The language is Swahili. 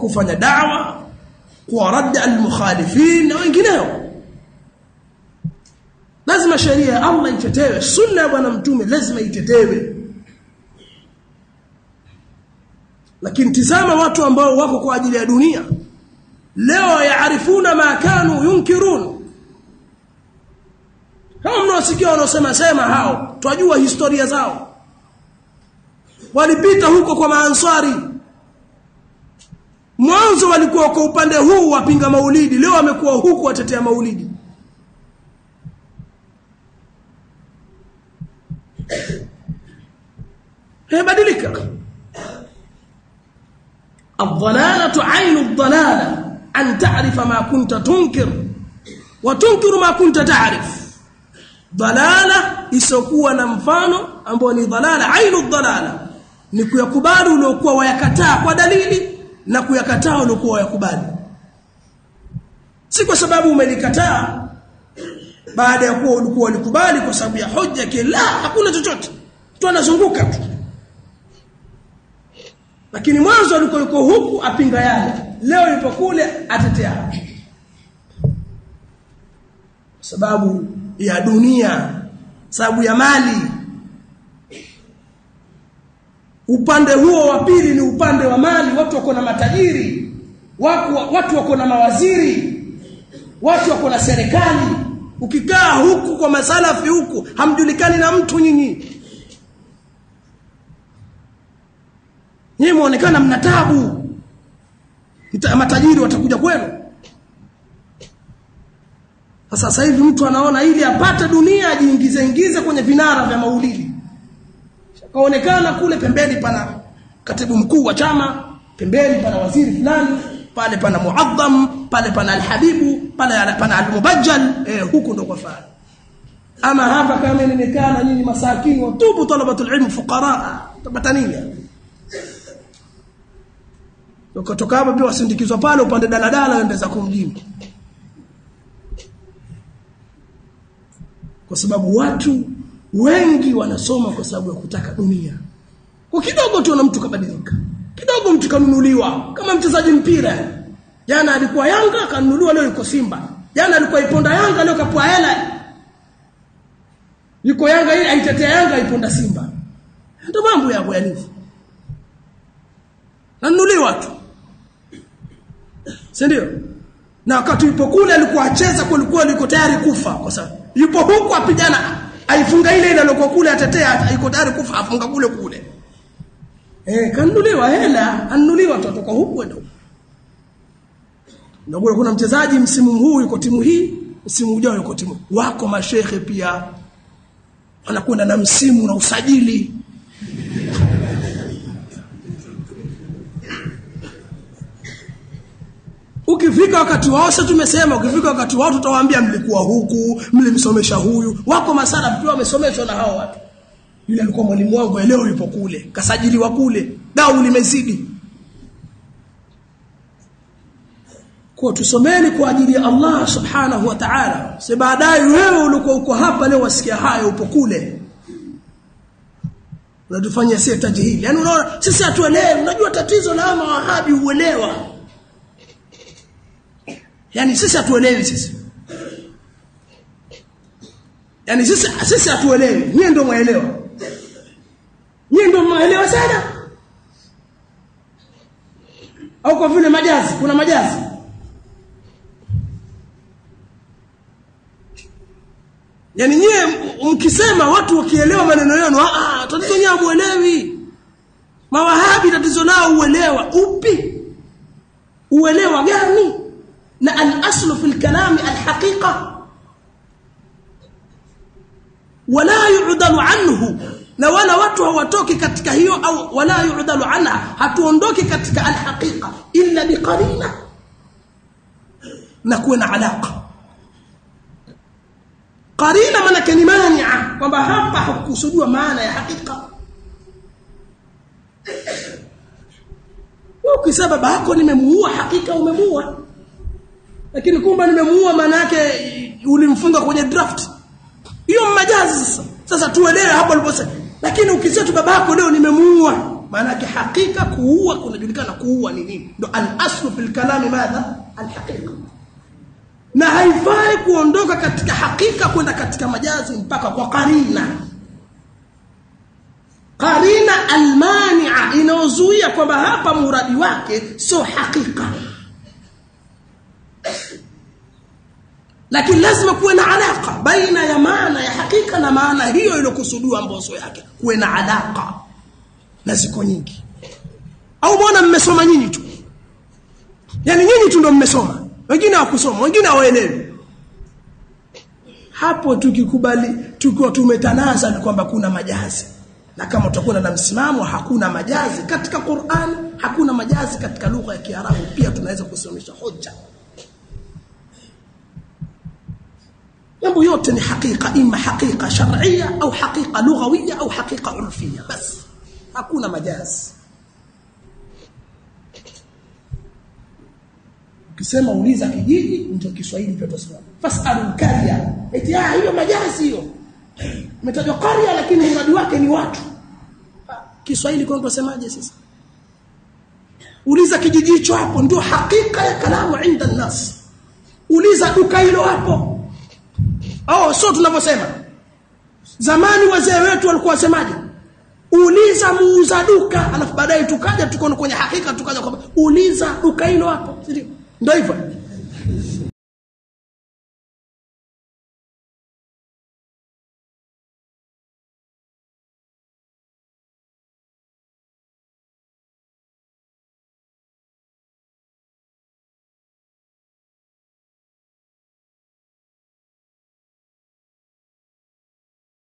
kufanya dawa kwa radda almukhalifin na wengineo lazima sheria ya Allah itetewe sunna ya bwana mtume lazima itetewe lakini tizama watu ambao wako kwa ajili ya dunia leo yaarifuna ma kanu yunkirun hao mnaosikia wanaosema sema hao twajua historia zao walipita huko kwa maansari Mwanzo walikuwa kwa upande huu wapinga maulidi, leo wamekuwa huku watetea maulidi. Imebadilika. Aldhalalatu ainu dalala an ta'rifa ma kunta tunkir wa tunkiru ma kunta ta'rif. dalala isokuwa na mfano ambayo ni dalala ainu dalala ni kuyakubali uliokuwa wayakataa kwa dalili na kuyakataa uliokuwa wayakubali, si kwa sababu umelikataa baada ya kuwa ulikuwa ulikubali kwa sababu ya hoja kila hakuna chochote tu, anazunguka tu, lakini mwanzo alikuwa yuko huku apinga yale, leo yupo kule atetea kwa sababu ya dunia, sababu ya mali Upande huo wa pili ni upande wa mali, watu wako na matajiri, watu, watu wako na mawaziri, watu wako na serikali. Ukikaa huku kwa masalafi huku hamjulikani na mtu nyinyi, nyinyi muonekana mna taabu matajiri watakuja kwenu. Sasa hivi mtu anaona ili apate dunia ajiingize ingize kwenye vinara vya maulidi Kaonekana kule pembeni pana katibu mkuu wa chama, pembeni pana waziri fulani, pale pana muadham, pale pana alhabibu, pale pana almubajjal. Eh, huku ndo kwa faa. Ama hapa kama nimekana nyinyi masakini watubu talabatul ilm fuqaraa, utapata nini? Ukatoka hapa pia wasindikizwa pale upande daladala wende za kumjini, kwa sababu watu Wengi wanasoma kwa sababu ya kutaka dunia. Kwa kidogo tu na mtu kabadilika, kidogo mtu kanunuliwa, kama mchezaji mpira. Jana alikuwa Yanga kanunuliwa, leo yuko Simba. Jana alikuwa iponda Yanga, leo kapua hela, yuko Yanga ile aitetea Yanga, Iponda Simba. Ndio mambo yako yalivyo, nanunuliwa tu, si ndio? Na wakati yupo kule alikuwa acheza, kulikuwa liko tayari kufa, kwa sababu yupo huko apigana aifunga ile inalokuwa kule, atetea iko tayari kufa, afunga kule kule. Eh, kanunuliwa hela, anunuliwa totoka huku ndo ndio. Kuna mchezaji msimu huu yuko timu hii, msimu ujao yuko timu. Wako mashehe pia wanakwenda na msimu na usajili Ukifika wakati wao, sasa tumesema ukifika wakati wao tutawaambia mlikuwa huku, mlimsomesha huyu. Wako masala pia wamesomeshwa na hao watu. Yule alikuwa mwalimu wangu leo yupo kule, kasajiliwa kule. Dau limezidi. Kwa tusomeni kwa ajili ya Allah subhanahu wa ta'ala. si baadaye wewe ulikuwa uko hapa leo wasikia hayo upo kule. Unatufanyia sisi tajihili. Yaani unaona sisi hatuelewi. Unajua tatizo la mawahabi uelewa. Yaani sisi hatuelewi sisi. Yaani sisi sisi hatuelewi. Nyie ndio mwaelewa. Nyie ndio mwaelewa sana. Au kwa vile majazi, kuna majazi. Yaani nyie mkisema watu wakielewa maneno yenu, ah, ah tatizo nyie hamuelewi. Mawahabi tatizo nao uelewa upi? Uelewa gani? الأصل في الكلام الحقيقة wala yu'dalu anhu na wala watu hawatoki katika hiyo au wala yu'dalu anha hatuondoki katika alhaqiqa illa biqarina na kuwe na alaqa qarina maana ni mania kwamba hapa hakukusudiwa maana ya hakika wewe ukisema baba yako nimemuua hakika umemuua lakini kumbe nimemuua maana yake ulimfunga kwenye draft hiyo majazi sasa sasa tuelewe hapo aliposema lakini ukisema tu babako leo nimemuua maana yake hakika kuua kunajulikana kuua ni nini ndo al-aslu fil kalami madha al-haqiqa na haifai kuondoka katika hakika kwenda katika majazi mpaka kwa karina karina almania inayozuia kwamba hapa muradi wake sio hakika lakini lazima kuwe na alaka baina ya maana ya hakika na maana hiyo iliyokusudiwa mbozo yake, kuwe na alaka, na ziko nyingi. Au mbona mmesoma nyinyi tu? Yani nyinyi tu ndo mmesoma, wengine hawakusoma, wengine hawaelewi. Hapo tukikubali tukiwa tumetanaza ni kwamba kuna majazi, na kama tutakuwa na msimamo, hakuna majazi katika Qur'an, hakuna majazi katika lugha ya Kiarabu, pia tunaweza kusomesha hoja. Mambo yote ni hakika, ima hakika sharia au hakika lughawia au hakika urfia, basi hakuna majazi. Ukisema uliza kijiji, ndio Kiswahili kitasimama. Fasalu kariya eti ah, hiyo majazi hiyo. Umetajwa kariya lakini mradi wake ni watu. Ah, Kiswahili kwa tunasemaje sasa? Uliza kijiji hicho hapo, ndio hakika ya kalamu inda nas. Uliza duka hilo hapo Oh, sio tunavyosema. Zamani wazee wetu walikuwa wasemaje? Uliza muuza duka, alafu baadaye tukaja tuko kwenye hakika tukaja kwamba uliza duka hilo hapo. Ndio hivyo.